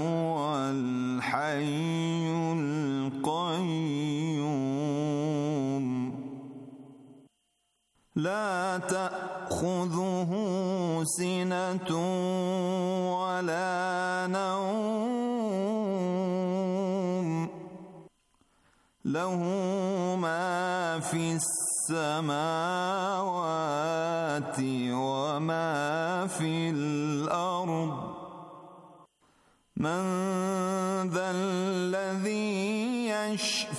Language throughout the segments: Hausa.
هو الحي القيوم لا تأخذه سنة ولا نوم له ما في السماوات وما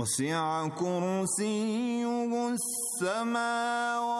وسع كرسيه السماوات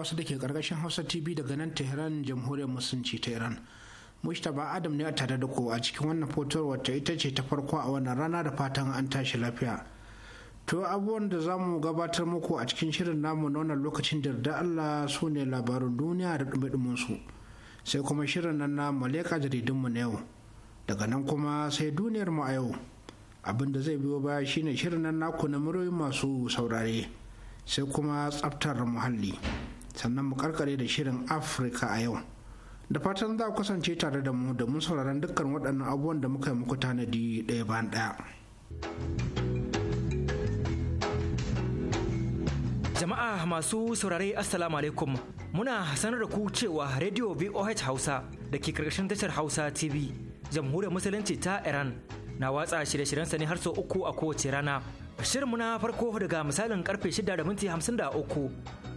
hausa da ke karkashin hausa tv daga nan tehran jamhuriyar musulunci ta iran mustapha adam ne a tare da ku a cikin wannan fotowar wata ita ce ta farko a wannan rana da fatan an tashi lafiya to abubuwan da za mu gabatar muku a cikin shirin namu na wannan lokacin da da allah su ne labarin duniya da dumi su sai kuma shirin nan na maleka jaridunmu na yau daga nan kuma sai duniyar mu a yau abin da zai biyo baya shine shirin nan naku na muryoyin masu saurare sai kuma tsaftar muhalli. sannan mu karkare da shirin afirka a yau da fatan za ku kasance tare da mu da mun sauraron dukkan waɗannan abubuwan da muka yi muku tanadi ɗaya bayan ɗaya jama'a masu saurare assalamu alaikum muna sanar da ku cewa radio voh hausa da ke karkashin tashar hausa tv jamhuriyar musulunci ta iran na watsa shirye sa ne har sau uku a kowace rana shirin muna farko daga misalin karfe 6 da minti 53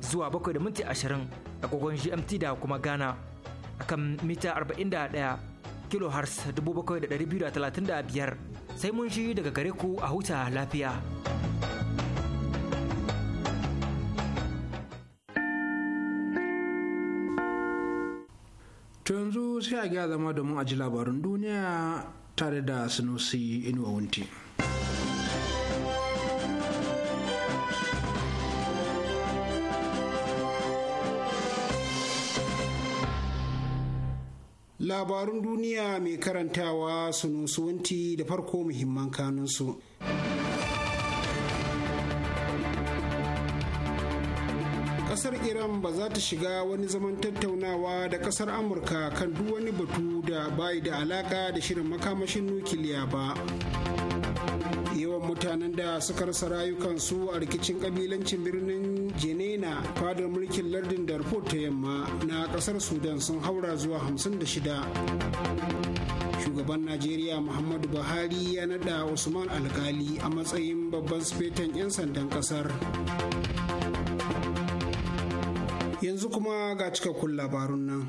zuwa bakwai da minti 20 agogon GMT da kuma Ghana akan mita 41 kilohertz 7,235 sai mun shi daga gare ku a huta lafiya. yanzu sai a gya zama domin aji labarin duniya tare da sinusi Inuwa Wunti. labarun duniya mai karantawa su sunusuwanti da farko muhimman kanunsu. kasar iran ba za ta shiga wani zaman tattaunawa da kasar amurka kan duk wani batu da bai da alaka da shirin makamashin nukiliya ba yawan mutanen da suka rasa rayukansu a rikicin kabilancin birnin jenena fadar mulkin lardin darfur ta yamma na kasar sudan sun haura zuwa 56 shugaban najeriya muhammadu buhari ya nada usman alkali a matsayin babban sufetan 'yan sandan kasar yanzu kuma ga cikakkun labarun nan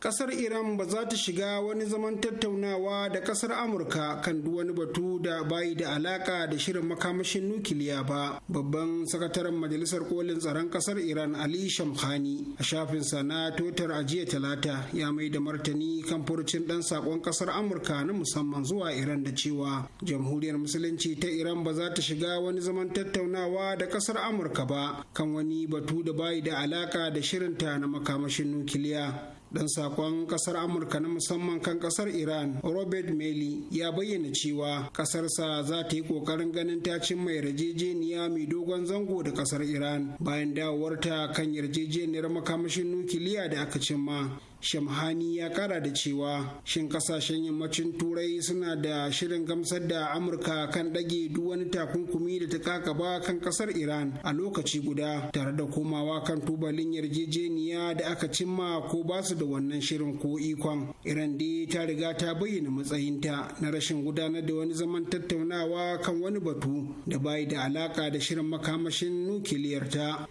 kasar iran ba za ta shiga wani zaman tattaunawa da kasar amurka kan wani batu da bayi da alaka da shirin makamashin nukiliya ba babban sakataren majalisar kolin tsaron kasar iran ali shamkhani a shafin na totar a jiya talata ya mai da martani kan furucin dan sakon kasar amurka na musamman zuwa iran da cewa jamhuriyar musulunci ta iran ba za ta shiga wani zaman tattaunawa da kasar amurka ba kan wani batu da bayi da alaka da shirinta na makamashin nukiliya dan sakon kasar amurka na musamman kan kasar iran robert meli ya bayyana cewa kasarsa za ta yi kokarin ganin ta mai yarjejeniya mai dogon zango da kasar iran bayan dawowarta kan yarjejeniyar makamashin nukiliya da aka cimma shamhani ya kara da cewa shin kasashen yammacin turai suna da shirin gamsar da amurka kan ɗage duk wani takunkumi da ta kakaba kan kasar iran a lokaci guda tare da komawa kan tubalin yarjejeniya da aka cimma ko ba su da wannan shirin ko ikon iran dai ta riga ta bayyana matsayinta na rashin gudanar da wani zaman tattaunawa kan wani batu da bai da alaka da shirin makamashin nukiliyarta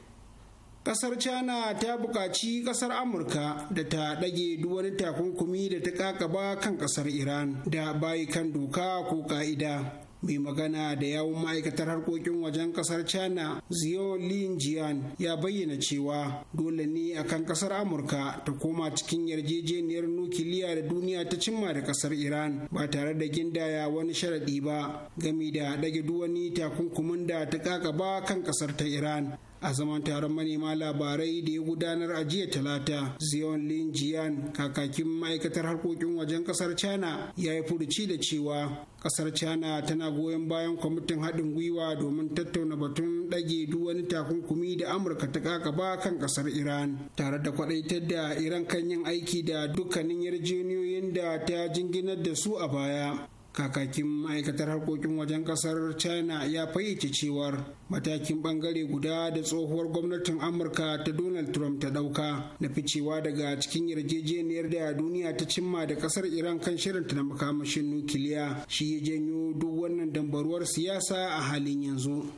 kasar china ta buƙaci kasar amurka da ta ɗage duk wani takunkumi da ta kakaba kan kasar iran da bayi kan doka ko ka'ida mai magana da yawun ma'aikatar harkokin wajen kasar china zio lin jian ya bayyana cewa dole ne akan kasar amurka ta koma cikin yarjejeniyar nukiliya da duniya ta cimma da kasar iran ba tare da gindaya wani sharaɗi ba gami da ɗage duwani takunkumin da ta ba kan kasar ta iran a zaman taron manema labarai da ya gudanar a jiya talata zion lin jian kakakin ma'aikatar harkokin wajen kasar china ya yi furuci da cewa kasar china tana goyon bayan kwamitin haɗin gwiwa domin tattauna batun ɗage duk wani takunkumi da amurka ta kakaba kan kasar iran tare da kwadaitar da iran kan yin aiki da dukkanin yarjejeniyoyin da ta jinginar da su a baya kakakin ma'aikatar harkokin wajen kasar china ya fayyace cewar matakin bangare guda da tsohuwar gwamnatin amurka ta donald trump ta dauka na ficewa daga cikin yarjejeniyar da duniya ta cimma da kasar iran kan shirinta na makamashin nukiliya shi ya janyo duk wannan dambaruwar siyasa a halin yanzu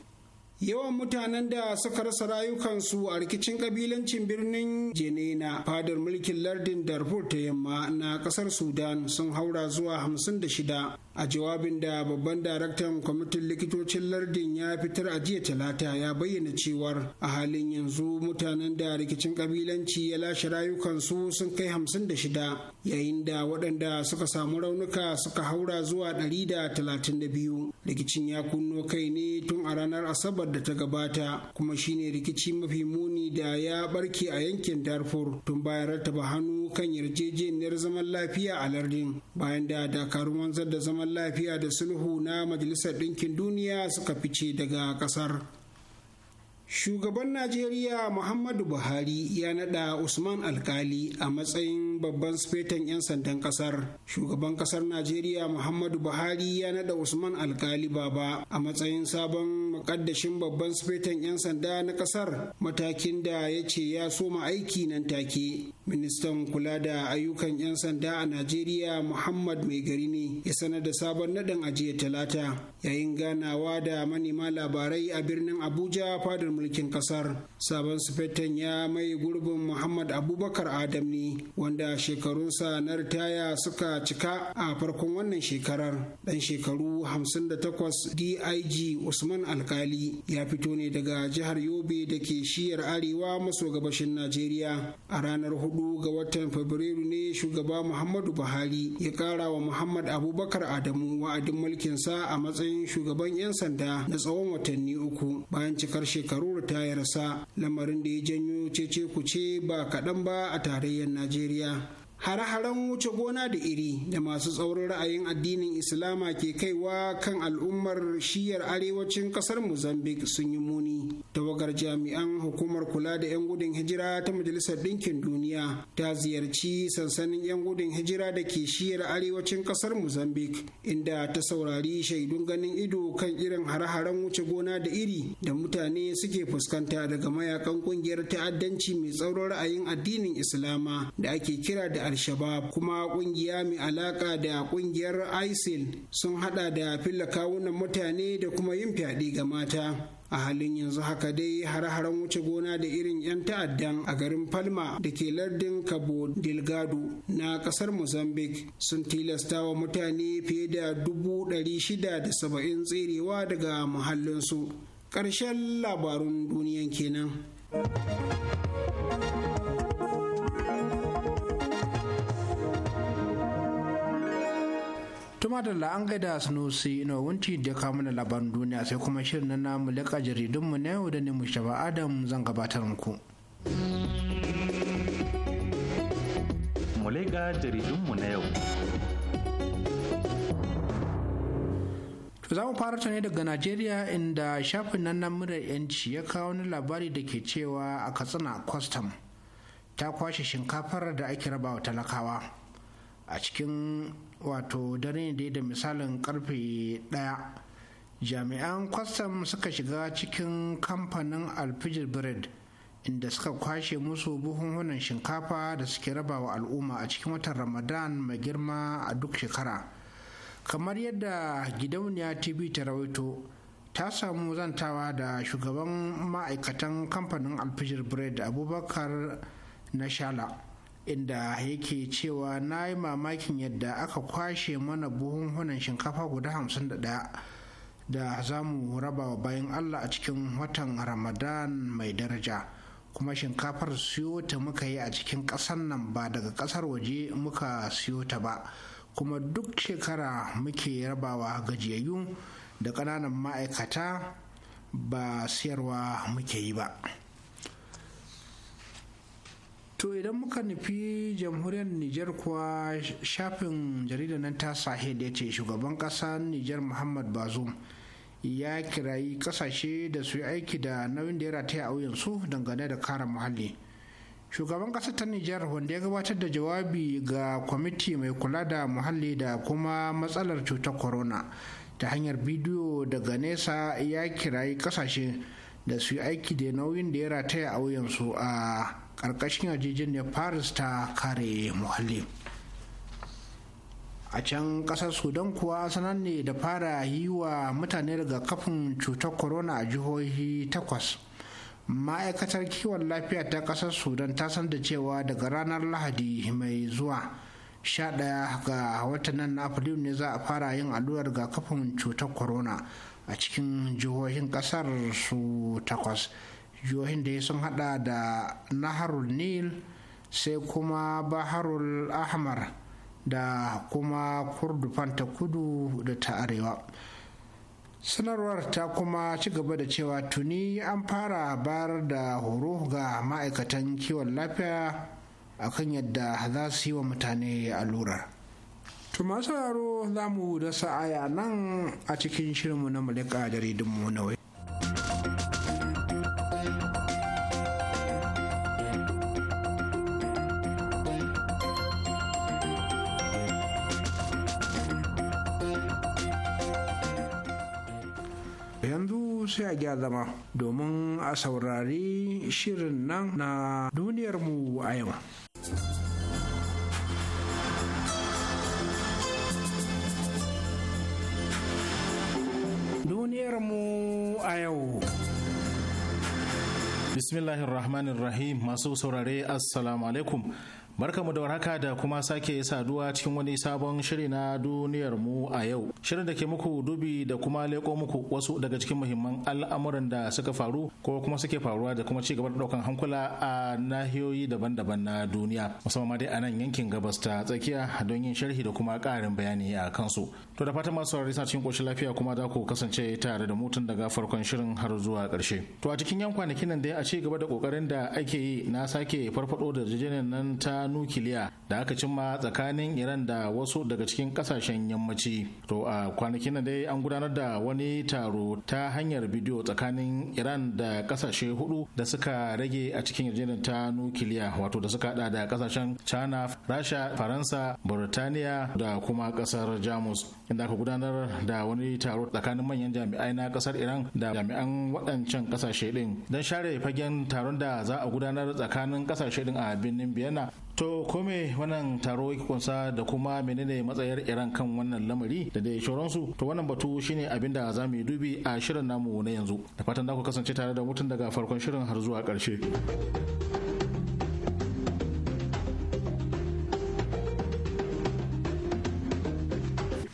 yawan mutanen da suka rasa rayukansu a rikicin kabilancin birnin jenena fadar mulkin lardin darfur ta yamma na kasar sudan sun haura zuwa 56 a jawabin da babban daraktan kwamitin likitocin lardin ya fitar a jiya talata ya bayyana cewar a halin yanzu mutanen da rikicin kabilanci ya lashe rayukansu sun kai hamsin da shida yayin da waɗanda suka samu raunuka suka haura zuwa ɗari da talatin da biyu rikicin ya kunno kai ne tun a ranar asabar da ta gabata kuma shine rikici mafi muni da ya barke a yankin darfur tun bayan rattaba hannu kan yarjejeniyar zaman lafiya a lardin bayan da dakarun wanzar da zaman lafiya da sulhu na majalisar ɗinkin duniya suka fice daga ƙasar Shugaban Najeriya Muhammadu Buhari ya naɗa Usman Alkali a matsayin babban sifetan 'yan sandan ƙasar. Shugaban ƙasar Najeriya Muhammadu Buhari ya naɗa Usman Alkali Baba a matsayin sabon makaddashin babban sifetan 'yan sanda na ƙasar. matakin da ya ce ya soma aiki nan take. Ministan kula da ayyukan 'yan sanda a Najeriya Muhammad Mai gari ne ya sanar da sabon naɗin ajiya talata yayin ganawa da manema labarai a birnin Abuja fadar mulkin kasar sabon sufetan ya mai gurbin muhammad abubakar adam ne wanda shekarunsa na ritaya suka cika a farkon wannan shekarar dan shekaru 58 dig usman alkali ya fito ne daga jihar yobe da ke shiyar arewa maso gabashin najeriya a ranar 4 ga watan fabrairu ne shugaba muhammadu buhari ya kara wa muhammad abubakar adamu wa'adin mulkinsa a matsayin shugaban 'yan sanda na tsawon watanni uku bayan cikar shekaru ta tayarsa lamarin da ya janyo cece kuce ba kaɗan ba a tarayyar najeriya hare-haren wuce gona da iri da masu tsaurin ra'ayin addinin islama ke kaiwa kan al'ummar shiyar arewacin kasar mozambique sun yi muni tawagar jami'an hukumar kula da 'yan gudun hijira ta majalisar ɗinkin duniya ta ziyarci sansanin 'yan gudun hijira da ke shiyar arewacin kasar mozambique inda ta saurari shaidun ganin ido kan irin hare-haren wuce gona da iri da mutane suke fuskanta daga mayakan kungiyar ta'addanci mai tsaurin ra'ayin addinin islama da ake kira da al-shabab kuma kungiya mai alaka da kungiyar isil sun hada da filla kawunan mutane da kuma yin fyaɗe ga mata a halin yanzu haka dai hare-haren wuce gona da irin 'yan ta'addan a garin palma da ke lardin cabo delgado na kasar mozambique sun tilasta wa mutane fiye da dubu shida da saba'in tserewa daga muhallinsu ƙarshen labarun duniyan kenan tuma da la'an gaida sunusi ina wunci da kamun da labarin duniya sai kuma shirin na namu leƙa jaridunmu na yau da ne mushaba adam zan gabatar muku. Mulega jaridunmu na yau. za mu fara ta ne daga najeriya inda shafin na murar yanci ya kawo wani labari da ke cewa a katsina kwastam ta kwashe shinkafar da ake rabawa talakawa a cikin wato dare ne da misalin karfe ɗaya jami'an kwastam suka shiga cikin kamfanin alfijir bread inda suka kwashe musu buhunhunan shinkafa da suke raba wa al'umma a cikin watan ramadan mai girma a duk shekara kamar yadda gidauniya tv ta rawaito ta samu zantawa da shugaban ma'aikatan kamfanin alfijir bread abubakar na Shala. inda yake cewa na yi mamakin yadda aka kwashe mana buhunhunan shinkafa guda hamsin da ɗaya da za mu raba wa bayan allah a cikin watan ramadan mai daraja kuma shinkafar siyo ta muka yi a cikin ƙasar nan ba daga ƙasar waje muka siyo ta ba kuma duk shekara muke rabawa gajiyayyu da ƙananan ma'aikata ba siyarwa muke yi ba. to idan muka nufi jamhuriyar niger kuwa shafin jaridar nan ta sahel ya ce shugaban ƙasar niger muhammad bazoum ya kirayi kasashe da su yi aiki da nauyin da ya rataya a su dangane da kare muhalli shugaban ƙasar ta nijar wanda ya gabatar da jawabi ga kwamiti mai kula da muhalli da kuma matsalar cutar corona ta hanyar bidiyo daga nesa ya kirayi kasashe da su yi aiki da nauyin da ya rataya a su a Karkashin ƙarƙashin yarjejeniyar paris ta kare muhalli a can ƙasar sudan kuwa sanar ne da fara yi wa mutane kafin cutar corona a jihohi takwas ma'aikatar kiwon lafiya ta ƙasar sudan ta san da cewa daga ranar lahadi mai zuwa sha 11 ga watan na afrilu ne za a fara yin allurar kafin cutar corona a cikin jihohin kasar su takwas jihohin da ya sun hada da naharul nil sai kuma baharul ahmar da kuma kurdufan ta kudu da ta arewa sanarwar ta kuma ci gaba da cewa tuni an fara bayar da horo ga ma'aikatan kiwon lafiya a kan yadda za su yi wa mutane allurar to masu za mu da sa'aya nan a cikin shirinmu na mulika jaridunmu na wai. sai a gya zama domin a saurari shirin nan na duniyarmu a yau. Duniyarmu a yau. Bismillahirrahmanirrahim masu saurare Assalamu alaikum. Barkamu da warhaka da kuma sake saduwa cikin wani sabon shiri na duniyar mu a yau. Shirin da ke muku dubi da kuma leko muku wasu daga cikin muhimman al'amuran da suka faru ko kuma suke faruwa da kuma cigaba da daukan hankula a nahiyoyi daban-daban na duniya. Musamman dai a nan yankin gabas ta tsakiya don yin sharhi da kuma ƙarin bayani a kansu. To da fatan masu saurari sa cikin koshin lafiya kuma za ku kasance tare da mutum daga farkon shirin har zuwa ƙarshe. To a cikin yan kwanakin nan dai a ci gaba da kokarin da ake yi na sake farfado da jijinin nan ta nukiliya da aka cimma tsakanin iran da wasu daga cikin kasashen yammaci to a kwanakin na dai an gudanar da wani taro ta hanyar bidiyo tsakanin iran da kasashe hudu da suka rage a cikin yarjejeniyar ta nukiliya wato da suka hada da kasashen china rasha faransa burtaniya da kuma kasar jamus inda aka gudanar da wani taro tsakanin manyan jami'ai na kasar iran da jami'an waɗancan kasashe din don share fagen taron da za a gudanar tsakanin kasashe din a birnin biyana To kome wannan taro yake kunsa da kuma menene matsayar Iran kan wannan lamari da dai shoransu to wannan batu shine abin da za mu yi dubi a shirin namu na yanzu da fatan da ku kasance tare da mutum daga farkon shirin har zuwa ƙarshe.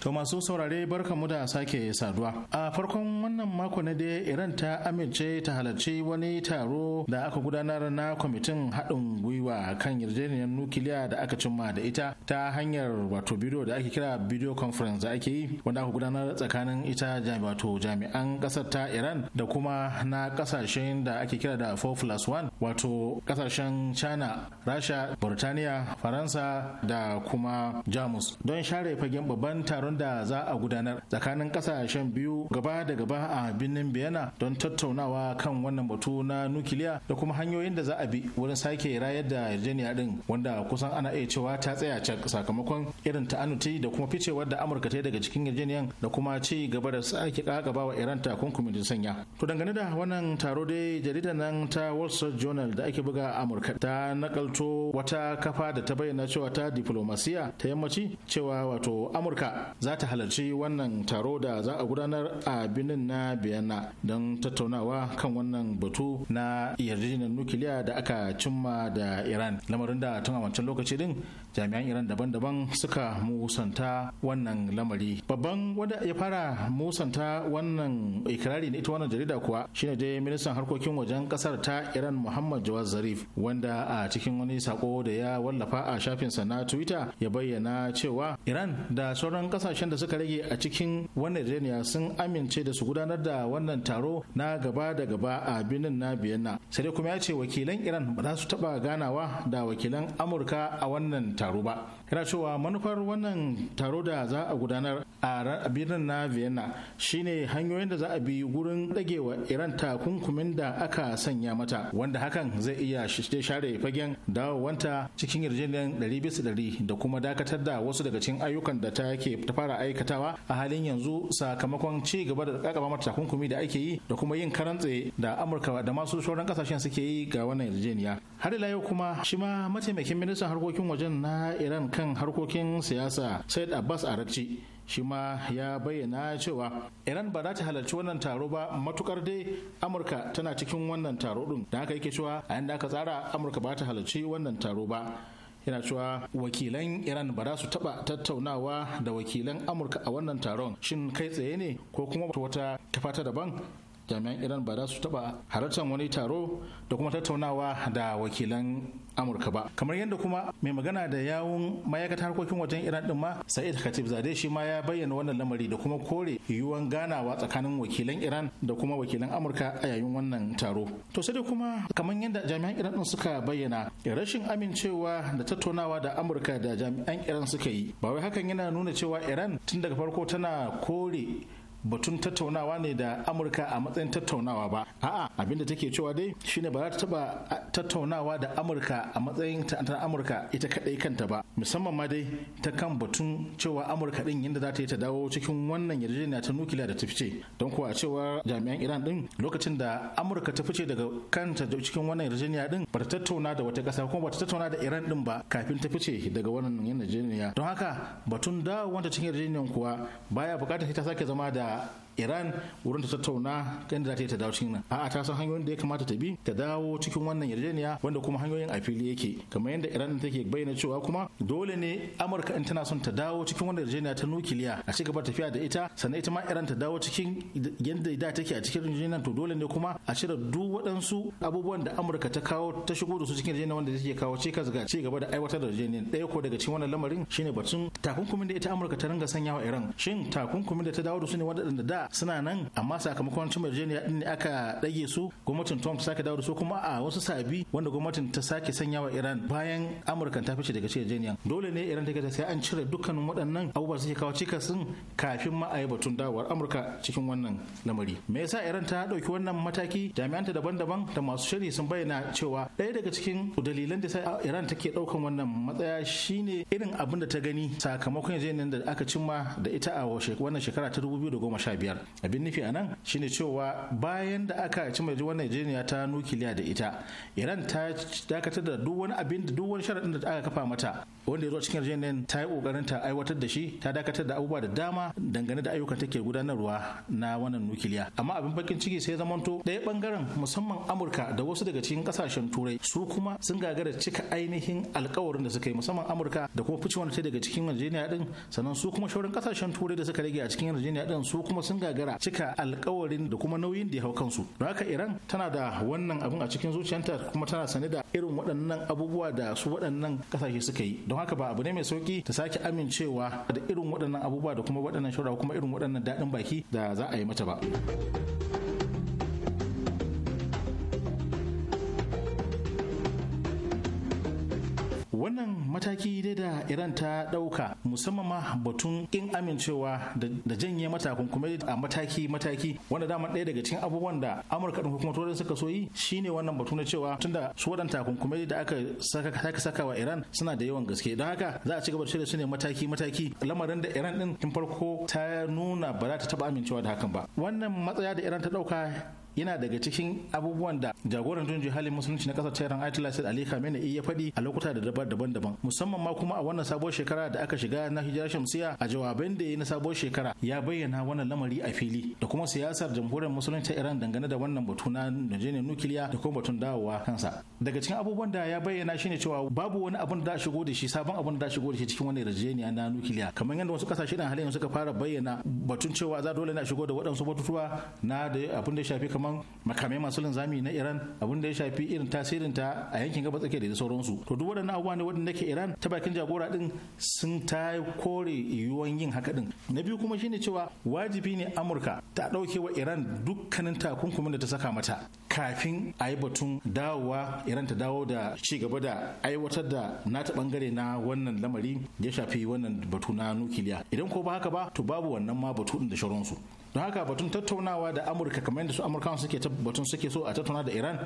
To masu saurare barkamu da sake saduwa. A farkon wannan mako na dai Iran ta amince ta halarci wani taro da aka gudanar na kwamitin haɗin gwiwa kan yarjejeniyar nukiliya da aka cimma da ita ta hanyar wato bidiyo da ake kira bidiyo conference da ake yi wanda aka gudanar tsakanin ita wato jami'an ƙasar ta Iran da kuma na ƙasashen da ake kira da 4 plus 1 wato ƙasashen China, Rasha, Burtaniya, Faransa da kuma Jamus don share fagen babban taron wanda za a gudanar tsakanin kasashen biyu gaba da gaba a birnin biyana don tattaunawa kan wannan batu na nukiliya da kuma hanyoyin da za a bi wurin sake rayar da yarjejeniya din wanda kusan ana iya cewa ta tsaya cak sakamakon irin ta'anuti da kuma ficewar da amurka ta daga cikin yarjeniyan da kuma ci gaba da sake kakaba wa iran takunkumin da sanya to dangane da wannan taro dai jaridar nan ta wall street journal da ake buga amurka ta nakalto wata kafa da ta bayyana cewa ta diplomasiya ta yammaci cewa wato amurka za ta halarci wannan taro da za a gudanar a birnin na biyana don tattaunawa kan wannan batu na yarjejeniyar nukiliya da aka cimma da iran lamarin da tun a wancan lokaci din jami'an iran daban-daban suka musanta wannan lamari babban wanda ya fara musanta wannan ikirari na ita wannan jarida kuwa shine dai ministan harkokin wajen kasar ta iran muhammad jawaz zarif wanda a cikin wani sako da ya wallafa a shafinsa na twitter ya bayyana cewa iran da sauran kasashe kasashen da suka rage a cikin wannan yarjejeniya sun amince da su gudanar da wannan taro na gaba da gaba a birnin na biyanna sai dai kuma ya ce wakilan iran ba za su taba ganawa da wakilan amurka a wannan taro ba yana cewa manufar wannan taro da za a gudanar a birnin na vienna shine hanyoyin da za a bi gurin dagewa iran takunkumin da aka sanya mata wanda hakan zai iya share fagen dawowanta cikin yarjejeniyar ɗari da kuma dakatar da wasu daga cikin ayyukan da ta ke ta fara aikatawa a halin yanzu sakamakon ci gaba da kakaba mata takunkumi da ake yi da kuma yin karantse da amurka da masu sauran kasashen suke yi ga wannan yarjejeniya har ila yau kuma shi ma mataimakin ministan harkokin wajen na iran kan harkokin siyasa said abbas arakci shi ma ya bayyana cewa iran ba za ta halarci wannan taro ba matukar dai amurka tana cikin wannan taro din da haka yake cewa a yadda aka tsara amurka ba ta halarci wannan taro ba yana cewa wakilan iran ba za su taba tattaunawa da wakilan amurka a wannan taron shin kai tsaye ne ko kuma wata tafata fata daban jami'an iran ba za su taba halartar wani taro da kuma tattaunawa da wakilan amurka ba kamar yadda kuma mai magana da yawun ma'aikatar harkokin wajen iran din ma sa'id khatib zade shi ma ya bayyana wannan lamari da kuma kore yiwuwan ganawa tsakanin wakilan iran da kuma wakilan amurka a yayin wannan taro to sai kuma kamar yadda jami'an iran din suka bayyana rashin amincewa da tattaunawa da amurka da jami'an iran suka yi ba wai hakan yana nuna cewa iran tun daga farko tana kore batun tattaunawa ne da amurka a matsayin tattaunawa ba a'a abinda take cewa dai shine ba za ta taba tattaunawa da amurka a matsayin ta amurka ita kadai kanta ba musamman ma dai ta kan batun cewa amurka din yadda za ta yi ta dawo cikin wannan yarjejeniya ta nukiliya da ta fice don kuwa cewa jami'an iran din lokacin da amurka ta fice daga kanta cikin wannan yarjejeniya din ba ta tattauna da wata kasa kuma ba ta tattauna da iran din ba kafin ta fice daga wannan yarjejeniya don haka batun wanda cikin yarjejeniyar kuwa baya bukatar ta sake zama da that iran wurin ta tattauna yadda za ta yi ta dawo cikin nan a'a ta san hanyoyin da ya kamata ta bi ta dawo cikin wannan yarjejeniya wanda kuma hanyoyin a fili yake kamar yadda iran take bayyana cewa kuma dole ne amurka in tana son ta dawo cikin wannan yarjejeniya ta nukiliya a ci gaba tafiya da ita sannan ita ma iran ta dawo cikin yadda da take a cikin yarjejeniya to dole ne kuma a cire duk waɗansu abubuwan da amurka ta kawo ta shigo da su cikin yarjejeniya wanda take kawo cikas ga ci gaba da aiwatar da yarjejeniya. ɗaya ko daga cikin wannan lamarin shine batun takunkumin da ita amurka ta ringa sanyawa iran shin takunkumin da ta dawo da su ne waɗanda da suna nan amma sakamakon cin yarjejeniya din ne aka ɗage su gwamnatin Trump sake dawo da su kuma a wasu sabi wanda gwamnatin ta sake sanya wa Iran bayan Amurka ta fice daga yarjejeniyan dole ne Iran ta sai an cire dukkanin waɗannan abubuwa suke kawo cikasin kafin ma a yi batun dawowar Amurka cikin wannan lamari me yasa Iran ta dauki wannan mataki jami'an ta daban-daban da masu shiri sun bayyana cewa ɗaya daga cikin dalilan da sa Iran take ɗaukan wannan matsaya shine irin abin da ta gani sakamakon yarjejeniyar da aka cimma da ita a wannan shekara ta 2015 abin nufi a nan shine cewa bayan da aka ci mai wannan najeriya ta nukiliya da ita iran ta dakatar da duk wani abin da duk wani sharaɗin da aka kafa mata wanda ya zo cikin yarjejeniyar ta yi kokarin ta aiwatar da shi ta dakatar da abubuwa da dama dangane da ayyukan take gudanarwa na wannan nukiliya amma abin bakin ciki sai zamanto ɗaya bangaren musamman amurka da wasu daga cikin kasashen turai su kuma sun gagara cika ainihin alkawarin da suka yi musamman amurka da kuma fice wani daga cikin yarjejeniya din sannan su kuma shauran kasashen turai da suka rage a cikin yarjejeniya din su kuma sun gagara cika alkawarin da kuma nauyin da ya hau kansu don haka iran tana da wannan abin a cikin zuciyarta kuma tana sane da irin waɗannan abubuwa da su waɗannan kasashe suka yi don don haka ba abu ne mai sauki ta sake amincewa da irin waɗannan abubuwa da kuma waɗannan shawara kuma irin waɗannan daɗin baki da za a yi mata ba. wannan mataki dai da iran ta ɗauka musamman ma batun in amincewa da janye matakunkumai a mataki-mataki wanda dama ɗaya daga cikin abubuwan da amurka ɗin hukumar turai suka so yi shine wannan batu na cewa tunda su wadan takunkumai da aka saka saka wa iran suna da yawan gaske don haka za a ci gaba da su ne mataki-mataki lamarin da iran din tun farko ta nuna ba za ta taba amincewa da hakan ba wannan matsaya da iran ta ɗauka yana daga cikin abubuwan da jagoran junji halin musulunci na kasar tehran ayatollah said ali khamenei ya faɗi a lokuta da dabar daban-daban musamman ma kuma a wannan sabuwar shekara da aka shiga na hijira shamsiya a jawaban da ya na sabuwar shekara ya bayyana wannan lamari a fili da kuma siyasar jamhuriyar musulunci ta iran dangane da wannan batu na najeriya nukiliya da kuma batun dawowa kansa daga cikin abubuwan da ya bayyana shine cewa babu wani abun da shigo da shi sabon abun da shigo da shi cikin wannan yarjejeniya na nukiliya kamar yadda wasu kasashe da halin suka fara bayyana batun cewa za dole na shigo da waɗansu batutuwa na da abin da shafi kamar makaman makamai masu linzami na Iran abin da ya shafi irin tasirin ta a yankin gabas tsakiya da sauransu to duk waɗannan abubuwa ne waɗanda ke Iran ta bakin jagora din sun ta kore yiwuwan yin haka din na biyu kuma shine cewa wajibi ne Amurka ta ɗauke wa Iran dukkanin takunkumin da ta saka mata kafin a yi batun dawowa Iran ta dawo da ci gaba da aiwatar da nata bangare na wannan lamari ya shafi wannan batu na nukiliya idan ko ba haka ba to babu wannan ma batu din da shauransu don haka batun tattaunawa da amurka kamar yadda su amurkawa suke batun suke so a tattauna da iran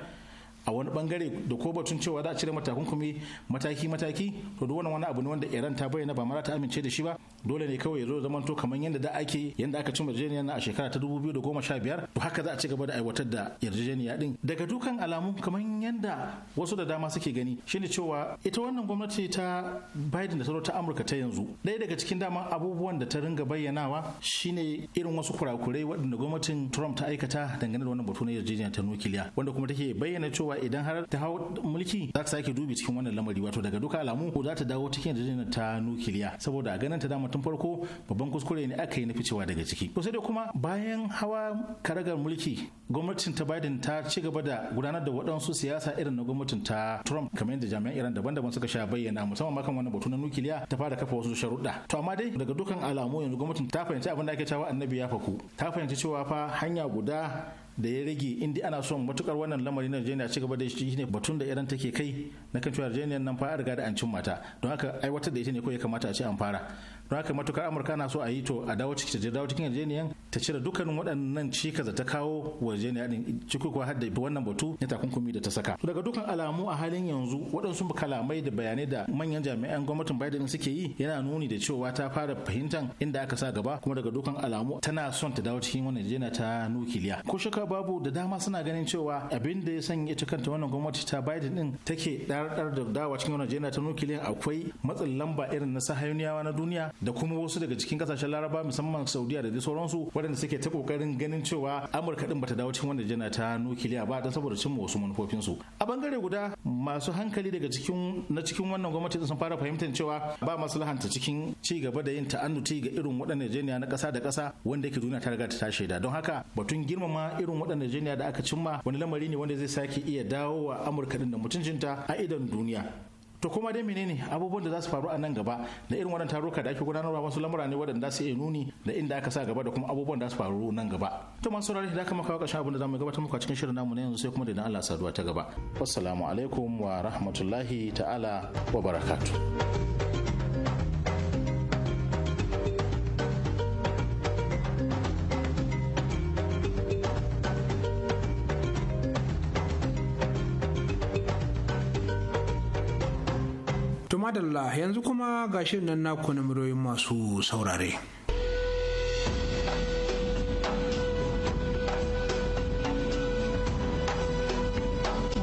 a wani bangare da ko batun cewa za a cire mata kuma mataki mataki to duk wannan wani abu ne wanda Iran ta bayyana ba mara ta amince da shi ba dole ne kawai ya zo zaman to kamar yadda da ake yadda aka a yarjejeniya na a shekara ta 2015 to haka za a ci gaba da aiwatar da yarjejeniya din daga dukan alamu kamar yadda wasu da dama suke gani shine cewa ita wannan gwamnati ta Biden da ta ta Amurka ta yanzu ɗaya daga cikin daman abubuwan da ta ringa bayyanawa shine irin wasu kurakurai waɗanda gwamnatin Trump ta aikata dangane da wannan batu na yarjejeniya ta nukiliya wanda kuma take bayyana cewa idan har ta hau mulki za ta sake dubi cikin wannan lamari wato daga duka alamu ko za ta dawo cikin yarjejeniyar ta nukiliya saboda a ganin ta dama tun farko babban kuskure ne aka yi na ficewa daga ciki to sai dai kuma bayan hawa karagar mulki gwamnatin ta Biden ta ci gaba da gudanar da waɗansu siyasa irin na gwamnatin ta Trump kamar yadda jami'an Iran daban-daban suka sha bayyana musamman makan wannan batu na nukiliya ta fara kafa wasu sharuɗa to amma dai daga dukan alamu yanzu gwamnatin ta fahimci abin da ake cewa annabi ya faku ta fahimci cewa fa hanya guda da ya rage inda ana son matukar wannan lamari na yarjejeniya ci gaba da shi ne batun da iran take kai na kan cewa yarjejeniyar nan fa riga da an cin mata don haka aiwatar da ita ne ko ya kamata a ce an fara don haka matukar amurka na so a yi to a dawo cikin ta dawo cikin yarjejeniyan ta cire dukkanin waɗannan da ta kawo wa yarjejeniya din ciki kuwa har da wannan batu na takunkumi da ta saka to daga dukkan alamu a halin yanzu waɗansu kalamai da bayanai da manyan jami'an gwamnatin biden suke yi yana nuni da cewa ta fara fahimtar inda aka sa gaba kuma daga dukkan alamu tana son ta dawo cikin wannan yarjejeniya ta nukiliya ko shaka babu da dama suna ganin cewa abin da ya sanya ita kanta wannan gwamnati ta biden din take ɗarɗar da dawa cikin wannan yarjejeniya ta nukiliya akwai matsin lamba irin na sahayuniyawa na duniya da kuma wasu daga cikin kasashen laraba musamman saudiya da dai sauransu waɗanda suke ta kokarin ganin cewa amurka din bata dawo cikin wanda jana ta nukiliya ba don saboda cimma wasu manufofinsu a bangare guda masu hankali daga cikin na cikin wannan gwamnati sun fara fahimtar cewa ba maslahanta cikin ci gaba da yin ta'annuti ga irin waɗanda jeniya na ƙasa da ƙasa wanda yake duniya ta riga ta shaida don haka batun girmama irin waɗanda jeniya da aka cimma wani lamari ne wanda zai sake iya dawo wa amurka din da mutuncinta a idan duniya to kuma dai menene abubuwan da za su faru a nan gaba da irin wannan taruka da ake gudanarwa wasu lamura ne waɗanda su iya nuni da inda aka sa gaba da kuma abubuwan da su faru nan gaba to masu saurari da kuma kawo ƙarshen abin da zamu gabatar muku a cikin shirin namu na yanzu sai kuma da Allah saduwa ta gaba assalamu alaikum wa rahmatullahi ta'ala wa barakatuh madalla yanzu kuma ga shirin nan naku kuna muryoyin masu saurare.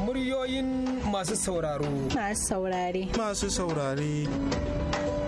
Muryoyin masu sauraro. Masu saurare. Masu saurare.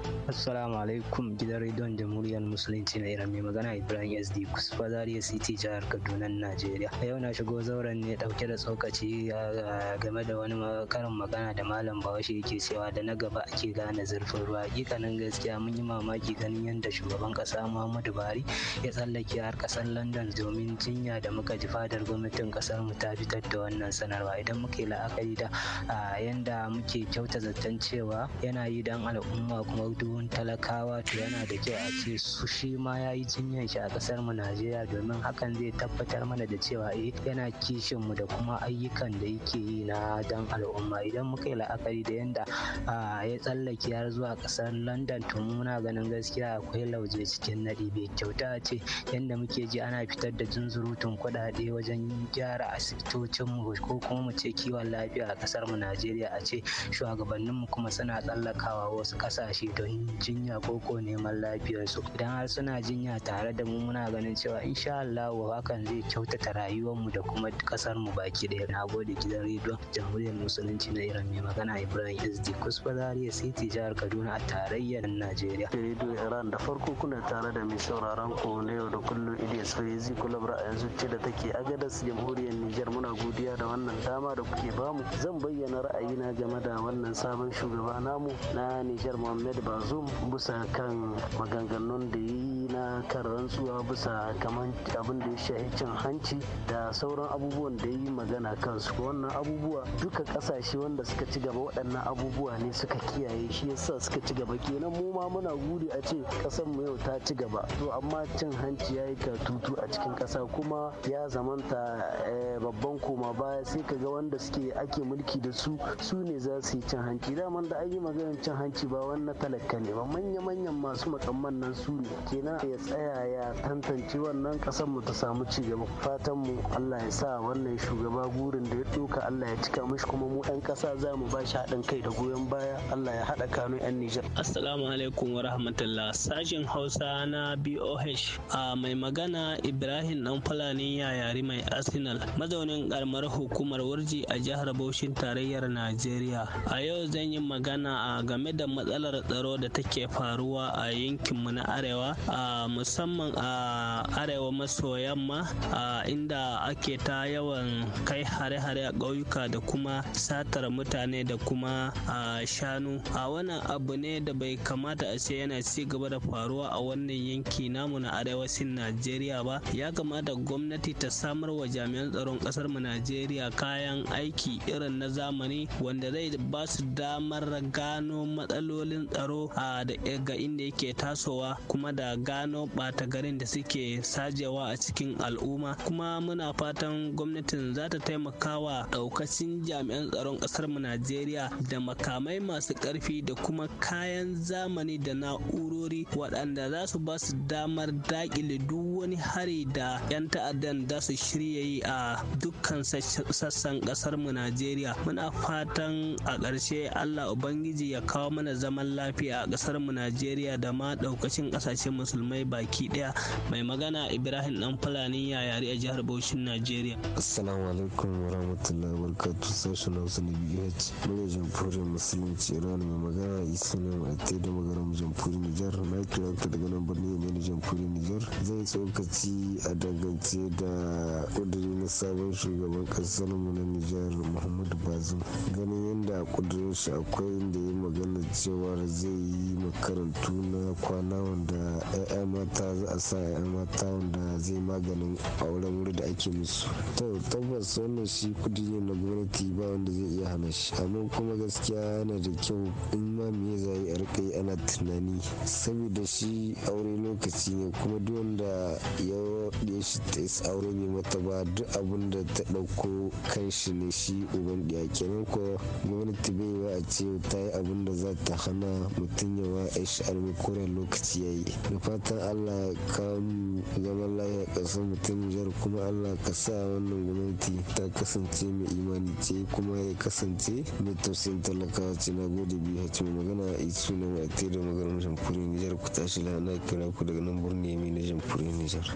Assalamu alaikum gidan rediyon jamhuriyar musulunci na Iran mai magana Ibrahim SD Kusfa Zaria City jihar Kaduna Najeriya. A yau na shigo zauren ne dauke da tsokaci game da wani karin magana da malam Bahaushe yake cewa da na gaba ake gane zurfin ruwa. nan gaskiya mun yi mamaki ganin yadda shugaban kasa Muhammadu Buhari ya tsallake har kasar London domin jinya da muka ji fadar gwamnatin kasar mu ta fitar da wannan sanarwa idan muke la'akari da yanda muke kyauta zaton cewa yana yi dan al'umma kuma duk ilimin talakawa to yana da kyau a ce su shi ma ya yi jinyan shi a kasar mu Najeriya domin hakan zai tabbatar mana da cewa eh yana kishin mu da kuma ayyukan da yake yi na dan al'umma idan muka yi la'akari da yanda ya tsallake har zuwa ƙasar London to muna ganin gaskiya akwai lauje cikin nadi bai kyauta a ce yanda muke ji ana fitar da zunzurutun kuɗaɗe wajen gyara asibitocin mu ko kuma mu ce kiwon lafiya a kasar mu Najeriya a ce shugabannin mu kuma suna tsallakawa wasu ƙasashe don jinya ko ko neman lafiyarsu idan har suna jinya tare da mu muna ganin cewa insha Allah hakan zai kyautata rayuwar mu da kuma kasar mu baki ɗaya na gode gidan rediyon jamhuriyar musulunci na iran mai magana ibrahim sd kusfa zaria city jihar kaduna a tarayyar najeriya rediyo iran da farko kuna tare da mai sauraron ku na yau da kullum idris firizi kulabra a yanzu ce da take agadas jamhuriyar niger muna godiya da wannan dama da kuke bamu zan bayyana ra'ayina game da wannan sabon shugaba namu na niger muhammad bazo bisa kan maganganun da yi na kan rantsuwa bisa kamar abin da ya shahi cin hanci da sauran abubuwan da yi magana kansu wannan abubuwa duka kasashe wanda suka ci gaba waɗannan abubuwa ne suka kiyaye shi yasa suka ci gaba kenan mu ma muna guri a ce ƙasar mu yau ta ci gaba to amma cin hanci ya yi tutu a cikin ƙasa kuma ya zamanta eh, babban koma baya sai ka ga wanda suke ake mulki da su su ne za su yi cin hanci daman da an yi maganar cin hanci ba wannan talaka ba manya-manyan masu makamman nan su ne kenan ya tsaya ya tantance wannan ƙasar mu ta samu ci gaba fatan mu Allah ya sa wannan shugaba gurin da ya ɗauka Allah ya cika mishi kuma mu 'yan ƙasa za mu ba shi haɗin kai da goyon baya Allah ya haɗa kanun 'yan Nijar. Assalamu alaikum wa rahmatullah sashen Hausa na BOH a mai magana Ibrahim Dan Fulani yayari mai Arsenal mazaunin karamar hukumar Warji a jihar Bauchin tarayyar Najeriya. A yau zan yi magana a game da matsalar tsaro da take faruwa a yankinmu na arewa musamman a arewa maso yamma inda ake ta yawan kai hare-hare a ƙauyuka da kuma satar mutane da kuma shanu a wannan abu ne da bai kamata a ce yana ci gaba da faruwa a wannan yanki namu na arewacin najeriya ba ya kamata gwamnati ta samar wa jami'an tsaron ƙasar mu najeriya kayan aiki irin na zamani wanda zai basu su damar gano matsalolin tsaro ga inda yake tasowa kuma da gano ɓata garin da suke sajewa a cikin al'umma kuma muna fatan gwamnatin za ta taimaka wa ɗaukacin jami'an tsaron ƙasar mu najeriya da makamai masu ƙarfi da kuma kayan zamani da na'urori waɗanda za su ba su damar daƙile duk wani hari da 'yan ta'addan za su shirya yi a dukkan sassan ƙasar mu najeriya muna fatan a ƙarshe allah ubangiji ya kawo mana zaman lafiya kasar mu Najeriya da ma daukacin kasashen musulmai baki ɗaya mai magana Ibrahim dan Fulani yari a jihar Bauchi Najeriya. Assalamu alaikum wa rahmatullahi wa barakatuh social house na BH muna jamhuriyar musulunci Iran mai magana Isu ne mai tai da magana mu Nijar na kira daga nan birni ne na Nijar zai tsokaci a dangance da kudiri na sabon shugaban kasar mu na Nijar Muhammadu Bazum ganin yadda kudirin shi akwai inda ya magana cewa zai yi yi makarantu na kwana wanda 'ya'ya mata za a sa 'ya'ya mata wanda zai maganin auren wuri da ake musu to tabbas wannan shi kudi ne na gwamnati ba wanda zai iya hana shi amma kuma gaskiya yana da kyau in ma me za yi a rika yi ana tunani saboda shi aure lokaci ne kuma duk wanda ya shi ta aure bai mata ba duk abin da ta ɗauko kan shi ne shi uban ɗiya kenan ko gwamnati bai ba a ce ta yi abin da za ta hana mutum yawa ya sha'armu koren lokaci ya yi da fatan allah ya kawo mu zaman lafiya ƙasar mutum jar kuma allah ka sa wannan gwamnati ta kasance mai imani ce kuma ya kasance mai tausayin talakawa ce na gode biyu mai magana a isu na mai da maganar jamhuriyar nijar ku tashi lana kira ku daga nan birni yami na jamhuriyar nijar.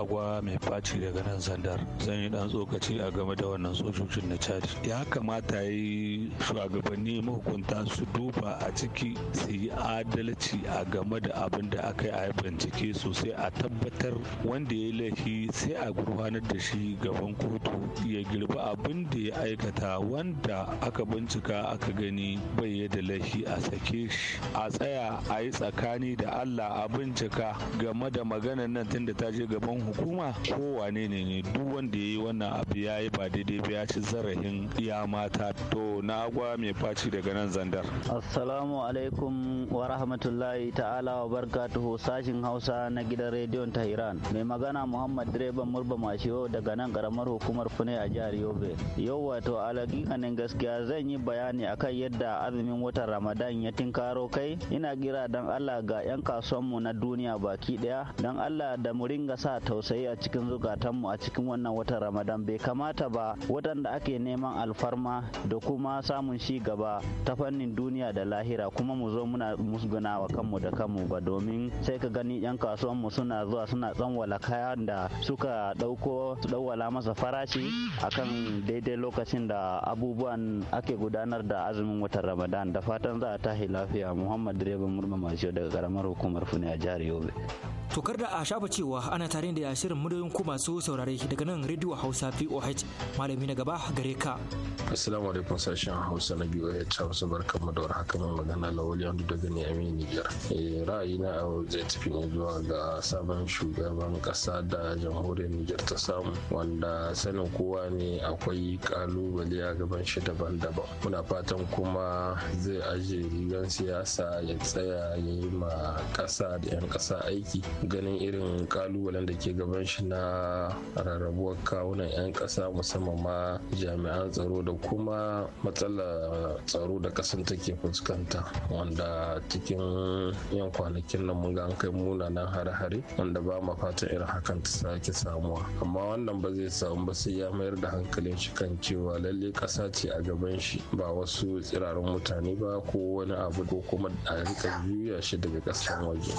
agwa mai faci daga nan sandar zan yi dan tsokaci a game da wannan sojojin na chad ya kamata yi shugabanni mahukunta su duba a ciki sai yi adalci a game da abin da aka yi a bincike sosai a tabbatar wanda ya yi laifi sai a gurfanar da shi gaban kotu ya girbi abin da ya aikata wanda aka bincika aka gani bai da laifi a sake shi a tsaya a yi tsakani da allah a bincika game da maganar nan tun da ta je gaban hukuma wane ne ne duk wanda ya yi wannan abu ya yi ba daidai ba ya ci zarafin ya mata to na agwa mai faci daga nan zandar assalamu alaikum alaikum wa rahmatullahi ta'ala wa barakatuhu sashin Hausa na gidan rediyon tahiran Mai magana Muhammad Direban Murba Mashiyo daga nan karamar hukumar Fune a jihar Yobe. Yau wato alhaƙiƙanin gaskiya zan yi bayani akan yadda azumin watan Ramadan ya tinkaro kai. Ina gira dan Allah ga 'yan kasuwanmu na duniya baki ɗaya. Dan Allah da mu ringa sa tausayi a cikin zukatanmu a cikin wannan watan Ramadan bai kamata ba waɗanda ake neman alfarma da kuma samun shi gaba ta fannin duniya da lahira kuma mu zo muna musgunawa kanmu da kanmu ba domin sai ka gani yan kasuwan mu suna zuwa suna tsanwala kayan da suka dauko su ɗauwala masa farashi akan daidai lokacin da abubuwan ake gudanar da azumin watan ramadan da fatan za a tahi lafiya muhammad direban murma masu daga karamar hukumar fune a jihar yobe tokar da a shafa cewa ana tare da yashirin muryoyin ku masu saurare daga nan rediyo hausa voh malami na gaba gare ka assalamu alaikum sashen hausa na voh hausa barkan mu da haka magana lawali daga Niamey Niger. Eh, ra'ayina a zai tafi ne zuwa ga sabon shugaban ƙasa da jamhuriyar Niger ta samu wanda sanin kowa ne akwai kalubale a gaban shi daban-daban. Muna fatan kuma zai aje rigar siyasa ya tsaya ya yi ma ƙasa da 'yan ƙasa aiki ganin irin kalubalen da ke gaban shi na rarrabuwar kawunan 'yan ƙasa musamman ma jami'an tsaro da kuma matsalar tsaro da ƙasar take fuskanta wanda da cikin yan kwanakin nan mun ga an kai munanan hare-hare wanda ba ma fatan irin hakan ta sake samuwa amma wannan ba zai samu ba sai ya mayar da hankalin shi kan cewa lalle kasa ce a gaban shi ba wasu tsirarin mutane ba ko wani abu ko kuma a rika juya shi daga kasan waje.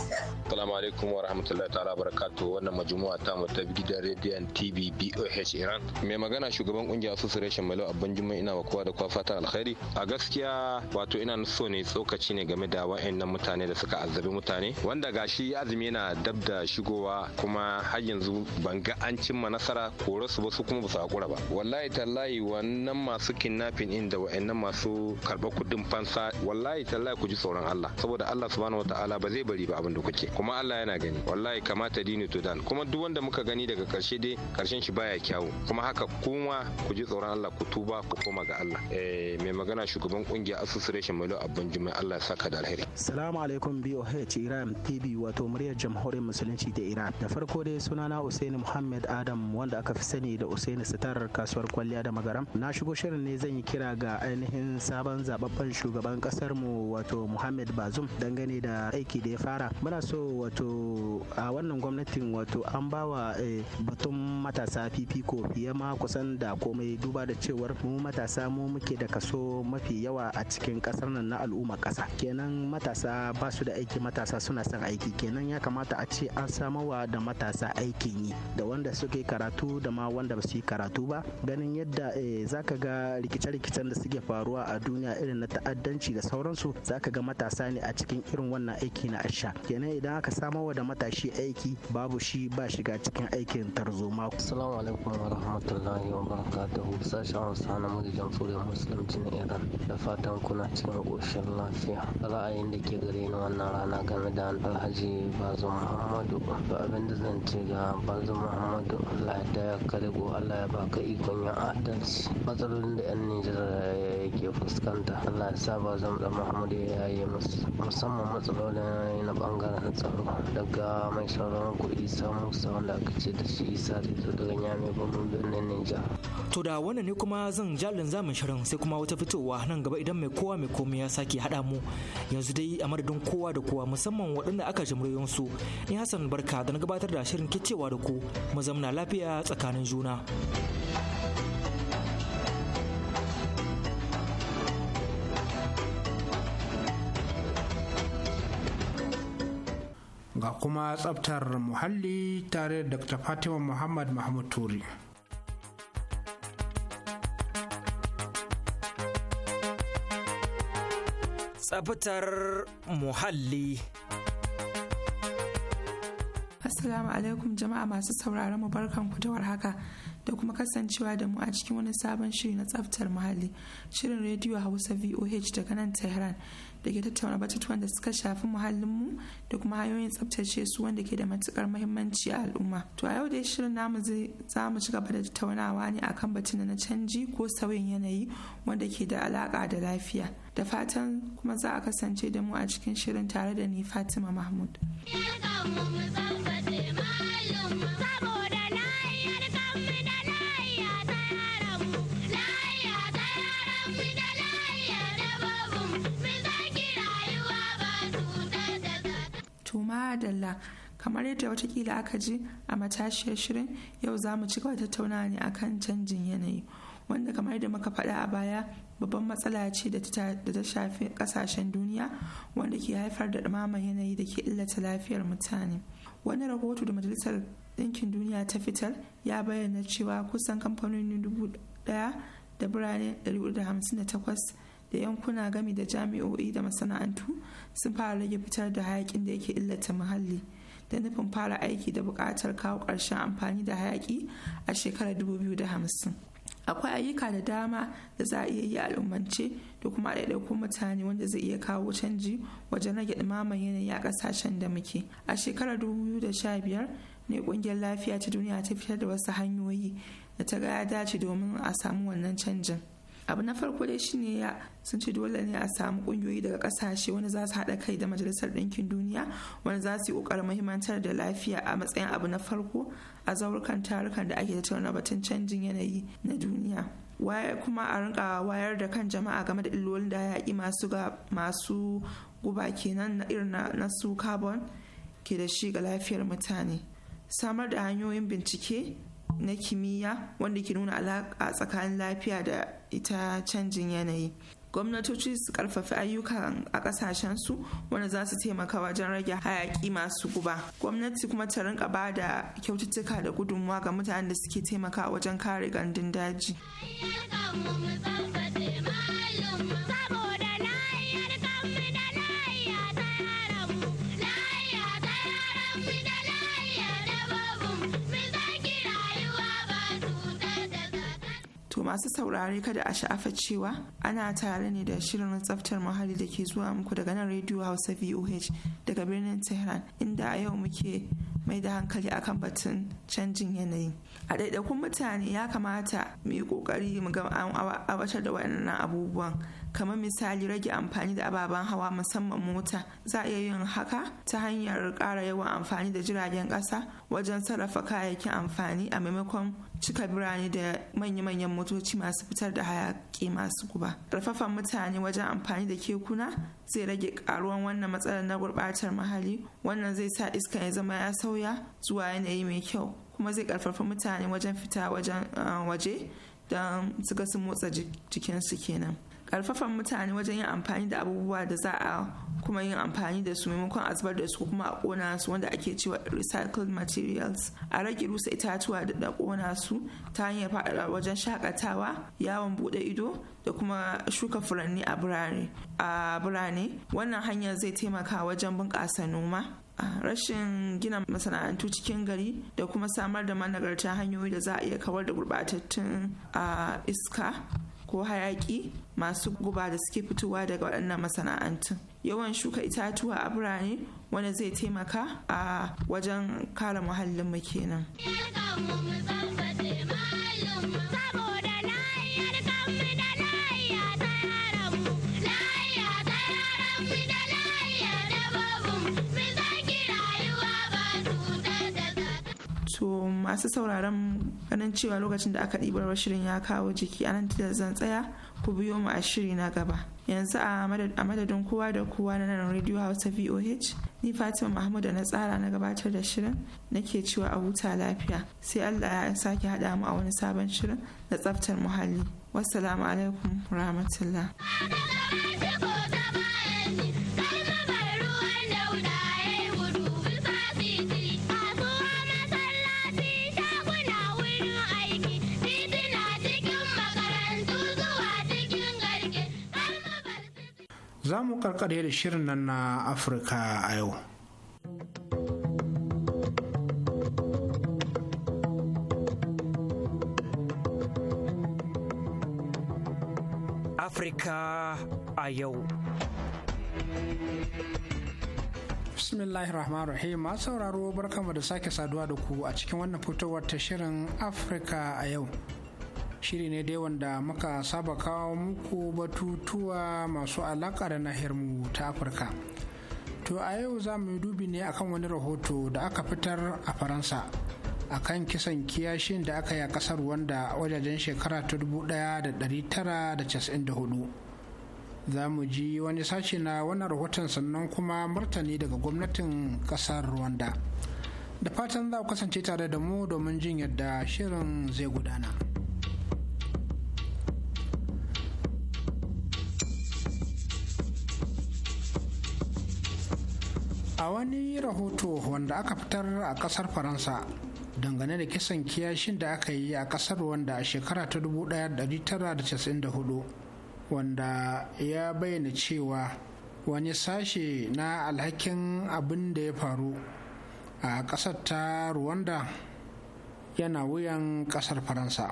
Assalamu alaikum wa rahmatullahi ta'ala barakatuh wannan majmu'a ta mu ta gidan rediyon TV BOH Iran. Mai magana shugaban kungiyar association Malau Abban juma'a ina wa kowa da kowa fata alkhairi. A gaskiya wato ina so ne tsokaci ne game da wa'annan mutane da suka azabi mutane wanda gashi azumi yana dab da shigowa kuma har yanzu ban ga an cimma nasara kore su ba su kuma basu su hakura ba wallahi tallahi wannan masu kidnapping din da wa'annan masu karɓar kuɗin fansa wallahi tallahi ku ji tsoron Allah saboda Allah subhanahu wataala ba zai bari ba abin da kuke kuma Allah yana gani wallahi kamata dini to dan kuma duk wanda muka gani daga karshe dai karshen shi baya kyawu kuma haka kuma ku ji tsoron Allah ku tuba ku koma ga Allah eh mai magana shugaban kungiya association Malo Abban Jumai Allah ya saka saka da alheri salamu alaikum BOH Iran TV wato muryar jamhuriyar musulunci ta Iran da farko dai sunana Usaini Muhammad Adam wanda aka fi sani da Usaini Sitar kasuwar kwalliya da magaram na shigo shirin ne zan yi kira ga ainihin sabon zababban shugaban kasar mu wato Muhammad Bazum dangane da aiki da ya fara muna so wato a wannan gwamnatin wato an bawa eh, batun matasa fifiko fiye ma kusan da komai duba da cewar mu matasa mu muke da kaso mafi yawa a cikin kasar nan na al'umma kasa kenan matasa ba su da aiki matasa suna son aiki kenan ya kamata a ce an samawa da matasa aikin yi da wanda suke karatu da ma wanda ba su yi karatu ba ganin yadda eh, zaka ga rikice-rikicen da suke faruwa a duniya irin na ta'addanci da sauransu zaka ga matasa ne a cikin irin wannan aiki na asha kenan idan aka samawa da matashi aiki babu shi ba shiga cikin aikin tarzoma. Assalamu alaikum wa rahmatullahi wa barakatuhu sashen hausa na musulunci na Iran da fatan kuna cikin ƙoshin lafiya. ra'ayin da ke gare ni wannan rana game da alhaji bazu muhammadu to abin da zan ce ga bazu muhammadu allah ya daya ka allah ya baka ikon ya adalci matsalolin da yan nijar ke fuskanta allah ya sa bazu da muhammadu ya yi musamman matsalolin na bangaren tsaro daga mai sauran kuɗi samu sauran wanda aka ce da shi isa da zo daga nyame bamu birnin nijar. to da wannan ne kuma zan jalin zamin shirin sai kuma wata fitowa nan gaba idan mai kowa mai komai ya sake haɗa mu yanzu dai a madadin kowa da kowa musamman waɗanda aka ji su ni hassan barka da na gabatar da shirin kicewa da ku mu zamna lafiya tsakanin juna ga kuma tsabtar muhalli tare da dr fatima muhammad mahmud turi tsaftar muhalli. Assalamu alaikum jama'a masu sauraron mu barkan ku da warhaka da kuma kasancewa da mu a cikin wani sabon shiri na tsaftar muhalli shirin rediyo Hausa VOH daga nan Tehran da ke tattauna batutuwan da suka shafi muhallinmu da kuma hanyoyin tsabtace su wanda ke da matukar muhimmanci a al'umma. To a yau dai shirin namu za mu ci gaba da tattaunawa ne akan batun na canji ko sauyin yanayi wanda ke da alaka da lafiya. Da fatan kuma za a kasance da mu a cikin shirin tare da ni Fatima Mahmud. madalla kamar yadda watakila aka ji a matashiyar shirin yau za mu ci gaba tattaunawa ne a kan canjin yanayi wanda kamar yadda muka faɗa a baya babban matsala ce da ta shafi ƙasashen duniya wanda ke haifar da ɗumamar yanayi da ke illata lafiyar mutane wani rahoto da majalisar ɗinkin duniya ta fitar ya bayyana cewa kusan kamfanoni dubu daya da birane 158 da yankuna gami da jami'o'i da masana'antu sun fara rage fitar da hayakin da yake illata muhalli da nufin fara aiki da buƙatar kawo ƙarshen amfani da hayaki a shekarar 2050 akwai ayyuka da dama da za a iya yi al'ummance da kuma a ɗaiɗaikun mutane wanda zai iya kawo canji wajen rage ɗumaman yanayi a ƙasashen da muke a shekarar sha biyar ne ƙungiyar lafiya ta duniya ta fitar da wasu hanyoyi da ta ga ya dace domin a samu wannan canjin abu na farko dai shine ya sun ce dole ne a samu kungiyoyi daga kasashe wani za su haɗa kai da majalisar ɗinkin duniya wani za su yi ƙoƙarin muhimmantar da lafiya a matsayin abu na farko a zaurukan tarukan da ake tattauna batun canjin yanayi na duniya kuma a rinka wayar da kan jama'a game da illolin da yi masu ga masu guba kenan na irin na su carbon ke da shi ga lafiyar mutane samar da hanyoyin bincike na kimiyya wanda ke nuna alaƙa tsakanin lafiya da ita canjin yanayi gwamnatoci su karfafi ayyukan a kasashen su wanda za su taimaka wajen rage hayaki masu guba gwamnati kuma ta rinka ba da kyaututtuka da gudunmuwa ga mutanen da suke taimaka wajen kare gandun daji masu saurare kada a sha'afa cewa ana tare ne da shirin tsaftar muhalli da ke zuwa muku daga nan rediyo Hausa VOH daga birnin Tehran inda a yau muke mai da hankali akan batun canjin yanayi. A ɗaiɗaikun mutane ya kamata mu yi ƙoƙari mu ga an da waɗannan abubuwan. kamar misali rage amfani da ababen hawa musamman mota za a iya yin haka ta hanyar ƙara yawan amfani da jiragen ƙasa wajen sarrafa kayayyakin amfani a maimakon cika birane da manya-manyan motoci masu fitar da hayaki masu guba rafafan mutane wajen amfani da kekuna zai rage karuwan wannan matsalar na gurbatar muhalli wannan zai sa iska ya zama ya sauya zuwa yanayi mai kyau kuma zai karfafa mutane wajen fita ah, waje don su motsa jikinsu kenan karfafan mutane wajen yin amfani da abubuwa da za a kuma yin amfani da su maimakon asibar da su kuma a kona su wanda ake cewa recycled materials a rage rusa itatuwa da da kona su ta hanyar faɗaɗa wajen shakatawa yawon buɗe ido da kuma shuka furanni a birane a birane wannan hanyar zai taimaka wajen bunƙasa noma rashin gina masana'antu cikin gari da kuma samar da managarta hanyoyi da za a iya kawar da gurɓatattun iska ko hayaki masu guba da suke fitowa daga waɗannan masana'antun yawan shuka itatuwa a birane wanda zai taimaka a wajen kare muhallin muhallinmu kenan. to masu sauraron ganin cewa lokacin da aka ɗibar shirin ya kawo jiki anan da zan tsaya ku biyo mu a shiri na gaba yanzu a madadin kowa da kowa na nan radio hausa voh ni fatima mahmud na tsara na gabatar da shirin nake cewa a huta lafiya sai allah ya sake haɗa mu a wani sabon shirin na tsaftar muhalli wassalamu alaikum rahmatullah za mu karkare da shirin nan na afirka a yau Afirka a yau. Bismillahirrahmanirrahim masu sauraro barkanmu da sake saduwa da ku a cikin wannan fitowar ta shirin Afirka a yau. shiri ne dai wanda muka saba kawo muku batutuwa masu alaƙa da nahiyarmu ta afirka to a yau za mu yi dubi ne akan wani rahoto da aka fitar a faransa akan kisan kiyashin da aka yi a ƙasar wanda wajajen shekara ta dubu da da tara casa'in 1994 za mu ji wani sashi na wannan rahoton sannan kuma martani daga gwamnatin ƙasar rwanda da fatan za ku kasance tare da mu domin jin yadda shirin zai gudana. a wani rahoto wanda aka fitar a kasar faransa dangane da kisan kiyashin da aka yi a kasar wanda a shekara ta 1994 wanda ya bayyana cewa wani sashe na alhakin abin da ya faru a kasar ta rwanda yana wuyan kasar faransa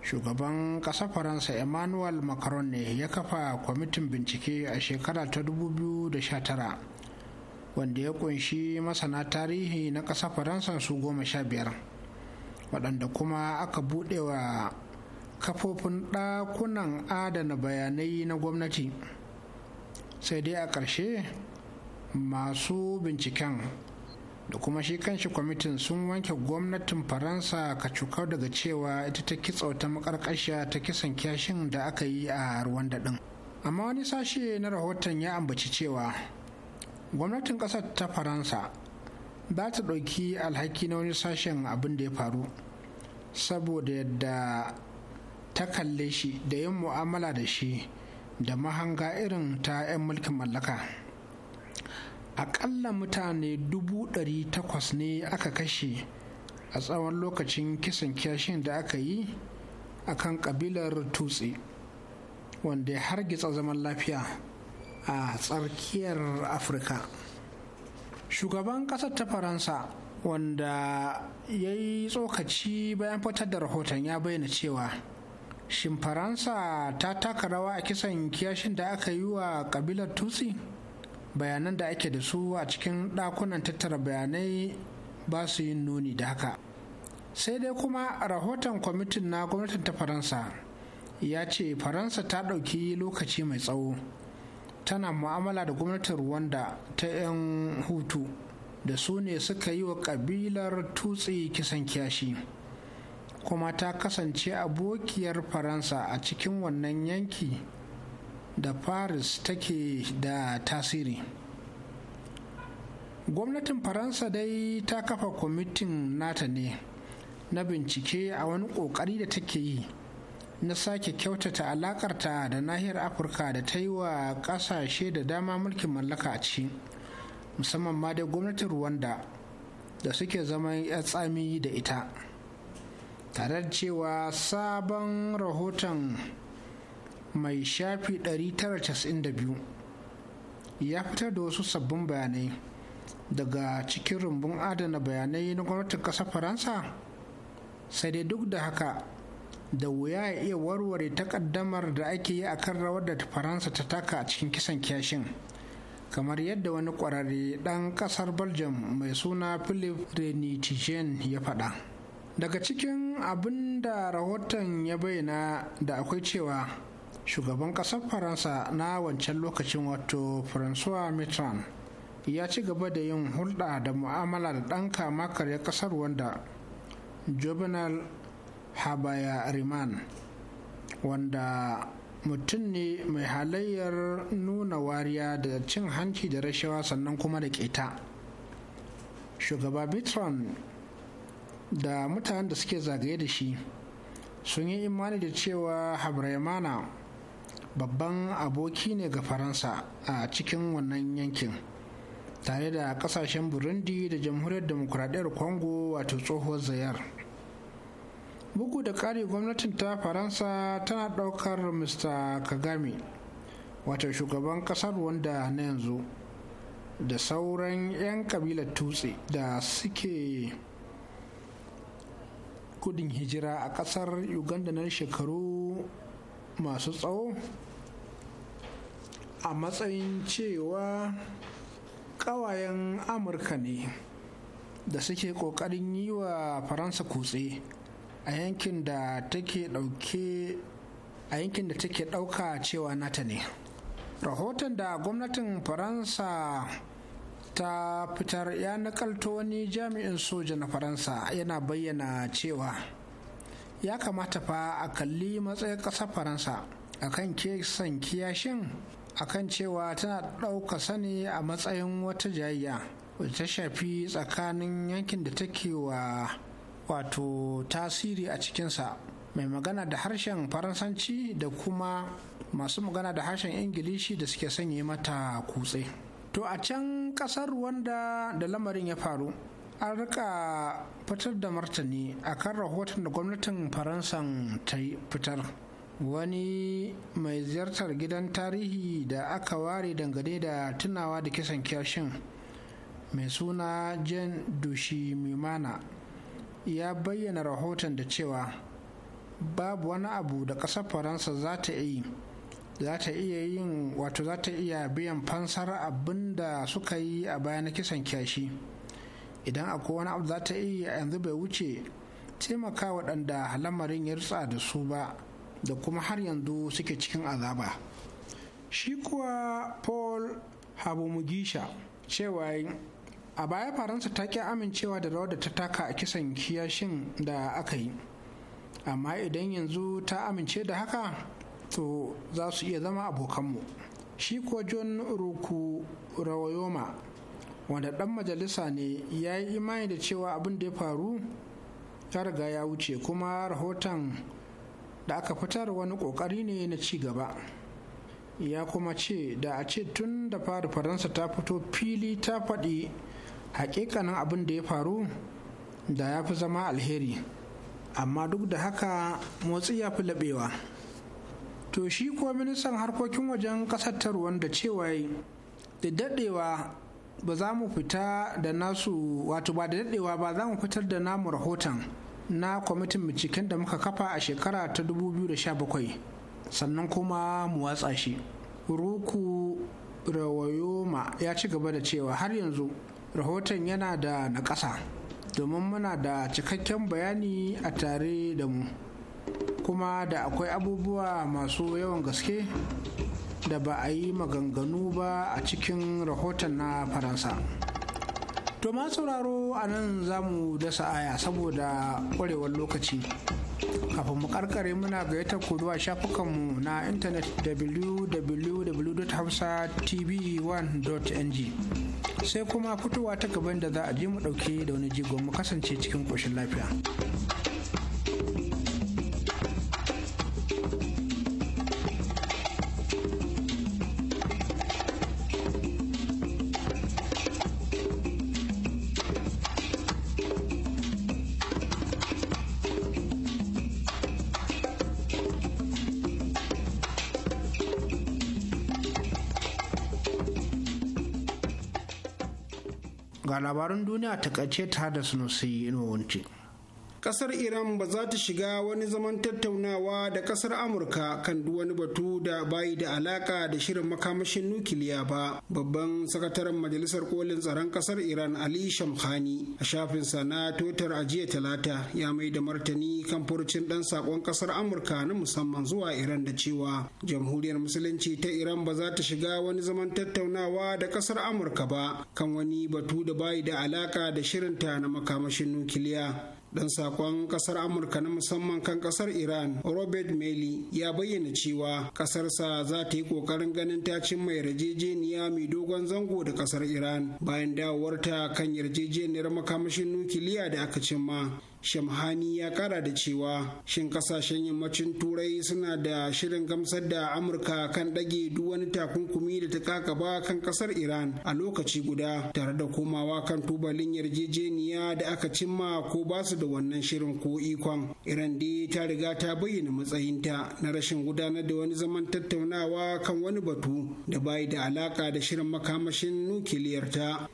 shugaban ƙasar faransa emmanuel macron ne ya kafa kwamitin bincike a shekara ta 2019 wanda ya kunshi masana tarihi na ƙasa faransa su goma sha biyar waɗanda kuma aka buɗe wa kafofin ɗakunan adana bayanai na gwamnati sai dai a ƙarshe masu binciken da kuma shi kanshi kwamitin sun wanke gwamnatin faransa ka cukar daga cewa ita ta kitsauta makarƙashiya ta kisan kyashin da aka yi a ruwan daɗin amma wani sashe na rahoton ya ambaci cewa gwamnatin ƙasar ta faransa za ta ɗauki alhaki na wani sashen abin da ya faru saboda yadda ta kalle shi da yin mu'amala da shi da mahanga irin ta 'yan mulkin mallaka aƙalla mutane takwas ne aka kashe a tsawon lokacin kisan kyashin da aka yi a kan ƙabilar tutsi wanda ya hargitsa zaman lafiya a tsarkiyar afirka shugaban ƙasar ta faransa wanda ya yi tsokaci bayan fitar da rahoton ya bayyana cewa shin faransa ta taka rawa a kisan kiyashin da aka yi wa kabilar tutsi bayanan da ake da su a cikin ɗakunan tattara bayanai ba su yin nuni da haka sai dai kuma rahoton kwamitin na gwamnatin ta faransa ya ce faransa ta ɗauki lokaci mai tsawo tana mu'amala da gwamnatin rwanda ta 'yan hutu da su ne suka yi wa kabilar tutsi kisan kiyashi kuma ta kasance abokiyar faransa a cikin wannan yanki da paris take da tasiri gwamnatin faransa dai ta kafa kwamitin nata ne na bincike a wani ƙoƙari da take yi na sake kyautata alakarta da nahiyar afirka da ta yi wa kasashe da dama mulkin mallaka a ciki musamman ma da gwamnatin rwanda da suke zama ya tsami da ita tare da cewa sabon rahoton mai shafi 992 ya fitar da wasu sabbin bayanai daga cikin rumbun adana bayanai na gwamnatin ƙasar faransa sai dai duk da haka da wuya ya iya warware takaddamar da ake yi a kan rawar da faransa ta taka a cikin kisan kyashin kamar yadda wani kwararre ɗan ƙasar belgium mai suna philip renitigen ya faɗa daga cikin abin da rahoton ya bayyana da akwai cewa shugaban ƙasar faransa na wancan lokacin wato francois mitterrand ya ci gaba da yin hulɗa da mu'amala da ɗan kama karya ƙasar wanda juvenal habaya riman wanda mutum ne mai halayyar nuna wariya da cin hanci da rashawa sannan kuma da keta shugaba bitron da mutanen da suke zagaye da shi sun yi imani da cewa habraimana babban aboki ne ga faransa a cikin wannan yankin tare da kasashen burundi da jamhuriyar demokuraɗiyar congo wato tsohuwar zayar bugu da ƙari gwamnatin ta faransa tana ɗaukar mr kagame wato shugaban ƙasar wanda na yanzu da sauran 'yan ƙabila tutse da suke kudin hijira a ƙasar uganda na shekaru masu tsawo a matsayin cewa ƙawayen amurka ne da suke ƙoƙarin yi wa faransa kutse a yankin da take dauke a yankin da take dauka cewa nata ne rahoton da gwamnatin faransa ta fitar ya nakalto wani jami'in soja na faransa yana bayyana cewa ya kamata fa a kalli matsayin ƙasar faransa akan kesan kiyashin akan cewa tana ɗauka sani a matsayin wata jayayya ta shafi tsakanin yankin da take wa wato tasiri a cikinsa mai magana da harshen faransanci da kuma masu magana da harshen ingilishi da suke sanya mata kutse to a can kasar wanda da lamarin ya faru an rika fitar da martani akan rahoton da gwamnatin faransan ta fitar wani mai ziyartar gidan tarihi da aka ware dangane da tunawa da kisan kyashin mai suna jen dushi mimana ya bayyana rahoton da cewa babu wani abu da ƙasar faransa za ta yi za ta iya yin wato za ta iya biyan fansar abin da suka yi a bayan kisan kyashi idan akwai wani abu za ta iya yanzu bai wuce taimaka waɗanda lamarin ya rutsa da su ba da kuma har yanzu suke cikin azaba shi kuwa paul mugisha cewa a baya faransa ta ƙi amincewa da rawar da ta taka a kisan kiyashin da aka yi amma idan yanzu ta amince da haka to za su iya zama abokanmu shi ko john ruku rawayoma wanda ɗan majalisa ne ya yi imani da cewa abin da ya faru ya riga ya wuce kuma rahoton da aka fitar wani ƙoƙari ne na ci gaba ya kuma ce da a ce tun da fara faransa ta fito fili ta faɗi hakikanin abin da ya faru da ya fi zama alheri amma duk da haka motsi ya fi laɓewa to shi ko ministan harkokin wajen ƙasar ta da cewa da daɗewa ba za mu fita da nasu wato ba da daɗewa ba za mu fitar da namu rahoton na kwamitin binciken da muka kafa a shekara ta 2017 sannan kuma mu watsa shi Ruku rawayoma ya ci gaba da cewa har yanzu rahoton yana da naƙasa, domin muna da cikakken bayani a tare da mu kuma da akwai abubuwa masu yawan gaske da ba a yi maganganu ba a cikin rahoton na faransa to ma sauraro a nan za mu dasa aya saboda ƙwarewar lokaci kafin mu karkare muna ga ku a shafukanmu na intanet www.hausa.tv1.ng sai kuma fitowa ta gaban da za a je mu ɗauke da wani jigon mu kasance cikin ƙoshin lafiya labaran duniya ta kace ta da sunusi inuwanci. kasar iran ba za ta shiga wani zaman tattaunawa da kasar amurka kan wani batu da bayi da alaka da shirin makamashin nukiliya ba babban sakataren majalisar kolin tsaron kasar iran ali shamkhani a shafin na totar a jiya talata ya mai da martani kan furucin dan sakon kasar amurka na musamman zuwa iran da cewa jamhuriyar musulunci ta iran ba za ta shiga wani zaman tattaunawa da kasar amurka ba kan wani batu da bayi da alaka da shirinta na makamashin nukiliya dan sakon kasar amurka na musamman kan kasar iran robert meli ya bayyana cewa kasarsa za ta yi kokarin ganin ta cin mai yarjejeniya mai dogon zango da kasar iran bayan dawowarta kan yarjejeniyar makamashin nukiliya da aka cimma shamhani ya kara da cewa shin kasashen yammacin turai suna da shirin gamsar da amurka kan ɗage duk wani takunkumi da ta kakaba kan kasar iran a lokaci guda tare da komawa kan tubalin yarjejeniya da aka cimma ko ba su da wannan shirin ko ikon iran dai ta riga ta bayyana matsayinta na rashin gudanar da wani zaman tattaunawa kan wani batu da bai da alaka da shirin makamashin nukiliyarta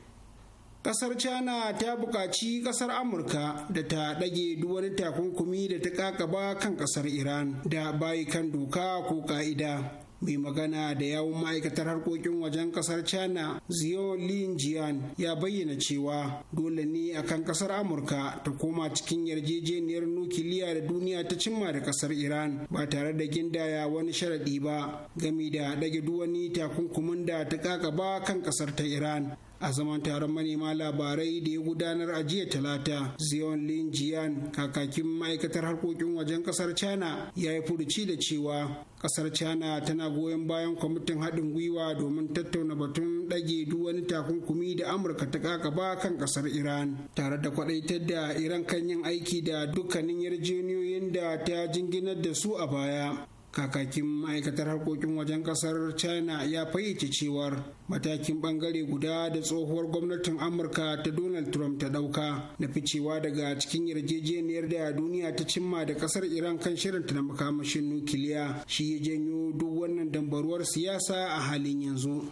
kasar china ta buƙaci kasar amurka da ta ɗage duk wani takunkumi da ta kakaba kan kasar iran da bayi kan doka ko ka'ida mai magana da yawun ma'aikatar harkokin wajen kasar china zio lin jian ya bayyana cewa dole ne akan kasar amurka ta koma cikin yarjejeniyar nukiliya da duniya ta cimma da kasar iran ba tare da gindaya wani sharaɗi ba gami da ɗage duwani takunkumin da ta ba kan kasar ta iran a zaman taron manema labarai da ya gudanar a jiya talata zion lin jian kakakin ma'aikatar harkokin wajen kasar china ya yi furuci da cewa kasar china tana goyon bayan kwamitin haɗin gwiwa domin tattauna batun ɗage duk wani takunkumi da amurka ta kakaba kan kasar iran tare da kwaɗaitar da iran kan yin aiki da dukkanin yarjejeniyoyin da ta jinginar da su a baya kakakin ma'aikatar harkokin wajen kasar china ya fayyace cewar matakin bangare guda da tsohuwar gwamnatin amurka ta donald trump ta dauka na ficewa daga cikin yarjejeniyar da duniya ta cimma da kasar iran kan shirinta na makamashin nukiliya shi ya janyo duk wannan dambaruwar siyasa a halin yanzu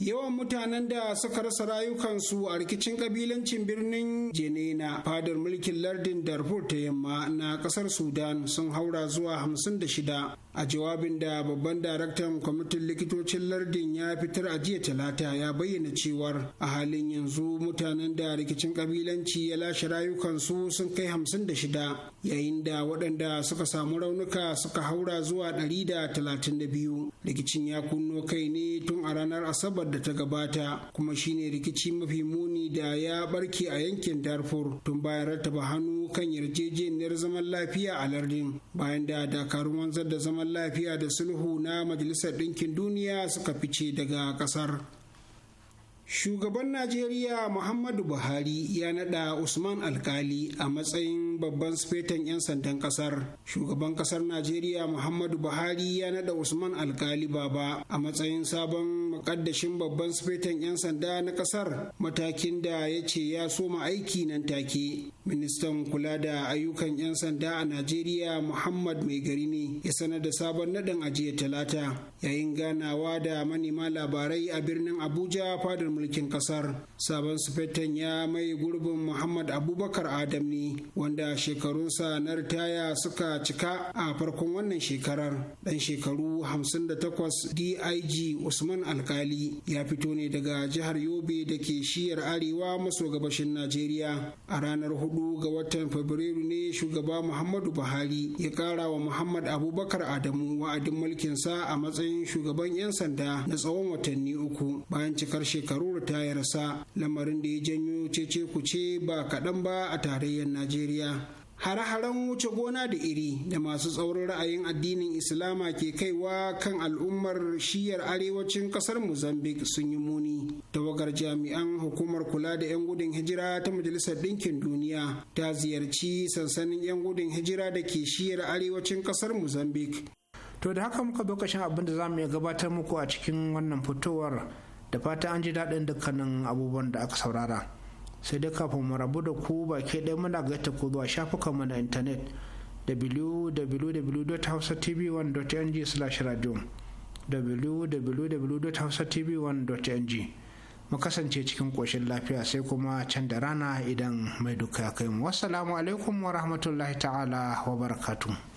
yawan mutanen da suka rasa rayukansu a rikicin kabilancin birnin jenena fadar mulkin lardin darfur ta yamma na kasar sudan sun haura zuwa 56 a jawabin da babban daraktan kwamitin likitocin lardin ya fitar a jiya talata ya bayyana cewar a halin yanzu mutanen da rikicin kabilanci ya lashe rayukansu sun kai 56 yayin da waɗanda suka samu raunuka suka haura zuwa 132 rikicin ya kunno kai ne tun a ranar asabar da ta gabata kuma shine rikici mafi muni da ya barke a yankin darfur tun bayan rattaba hannu kan yarjejeniyar zaman lafiya a lardin bayan da dakarun wanzar da zaman lafiya da sulhu na majalisar ɗinkin duniya suka fice daga ƙasar Shugaban Najeriya Muhammadu Buhari ya naɗa Usman Alkali a matsayin babban sufetan 'yan sandan ƙasar. Shugaban ƙasar Najeriya Muhammadu Buhari ya naɗa Usman Alkali Baba a matsayin sabon makaddashin babban sufetan 'yan sanda na ƙasar. matakin da ya ce ya soma aiki nan take. ministan kula da ayyukan 'yan sanda a najeriya muhammad mai gari ne ya sanar da sabon naɗin ajiyar talata yayin ganawa da manema labarai a birnin abuja fadar mulkin kasar sabon sufetan ya mai gurbin muhammad abubakar adam ne wanda shekarunsa na ritaya suka cika a farkon wannan shekarar dan shekaru 58 dig usman alkali ya fito ne daga jihar yobe da ke shiyar arewa maso gabashin najeriya a ranar hudu ga watan fabrairu ne shugaba muhammadu buhari ya kara wa muhammad abubakar adamu wa'adin mulkinsa a matsayin shugaban 'yan sanda na tsawon watanni uku bayan cikar shekaru ritayarsa lamarin da ya janyo cece kuce ba kaɗan ba a tarayyar najeriya hare-haren wuce gona da iri da masu tsaurin ra'ayin addinin islama ke kaiwa kan al'ummar shiyar arewacin kasar mozambique sun yi muni tawagar jami'an hukumar kula da 'yan gudun hijira ta majalisar ɗinkin duniya ta ziyarci sansanin 'yan gudun hijira da ke shiyar arewacin kasar mozambique to da haka muka lokacin abin da za mu iya gabatar muku a cikin wannan fitowar da fata an ji daɗin dukkanin abubuwan da aka saurara. sai dai kafin mu rabu da ku baki ɗaya muna gaita ku zuwa shafukan mu na intanet www.hausatv1.ng slash radio www.hausatv1.ng mu kasance cikin ƙoshin lafiya sai kuma can da rana idan mai duka kai mu wassalamu alaikum wa rahmatullahi ta'ala wa barakatuh